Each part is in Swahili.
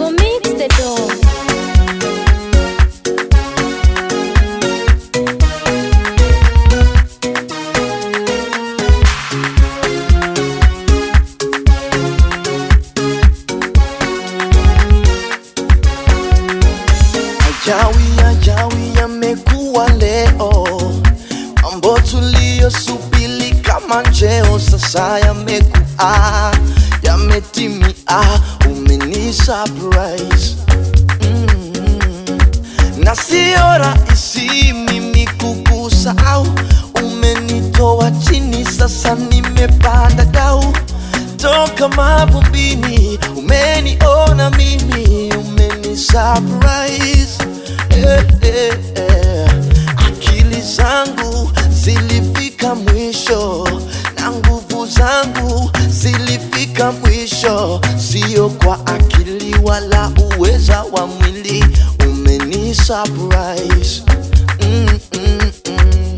go mix the dough. Ajawi ajawi kama njeo sasa yamekuwa yametimia, ah, umeni surprise mm-hmm. na sio rahisi mimi kukusahau, umenitoa chini, sasa nimepanda dau, toka mavumbini umeniona mimi, umeni surprise eh, eh, eh. akili zangu zilifika mwisho na nguvu zangu kwa akili wala uweza wa mwili umeni surprise. Mm -mm -mm.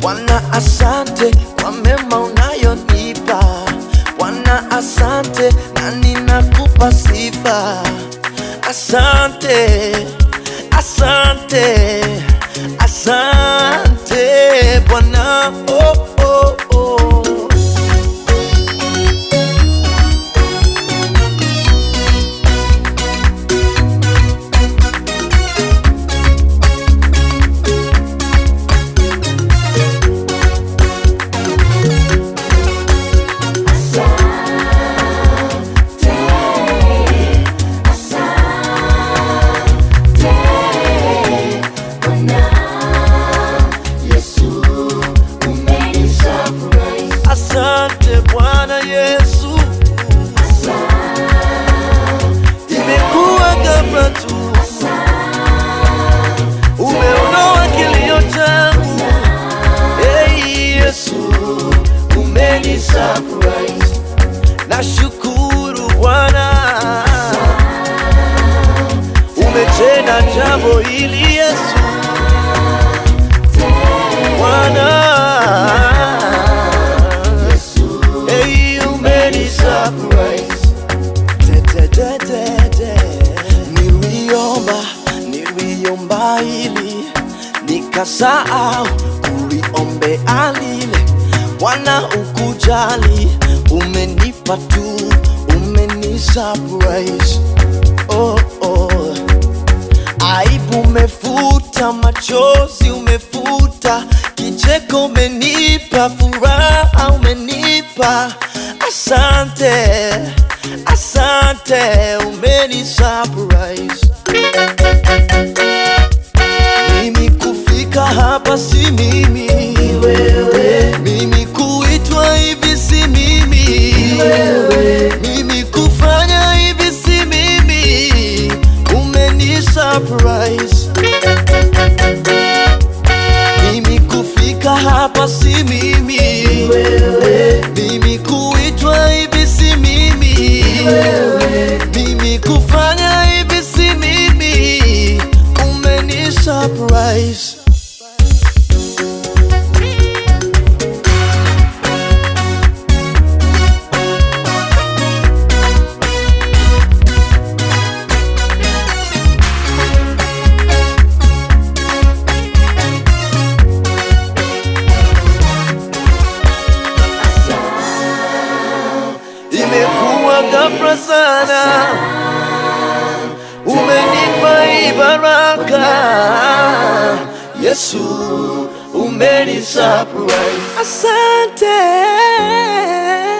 Bwana asante kwa mema unayonipa Bwana asante Jesus. niliomba hili nikasahau kuliombea lile. Bwana ukujali, umenipa tu, umeni surprise. Oh, oh. Aibu umefuta, machozi umefuta, kicheko umenipa, furaha umenipa. Asante, asante, umeni eyes. Mimi kufika hapa si mimi, wewe ghafla sana, umenipa baraka Yesu, umeni surprise. Asante.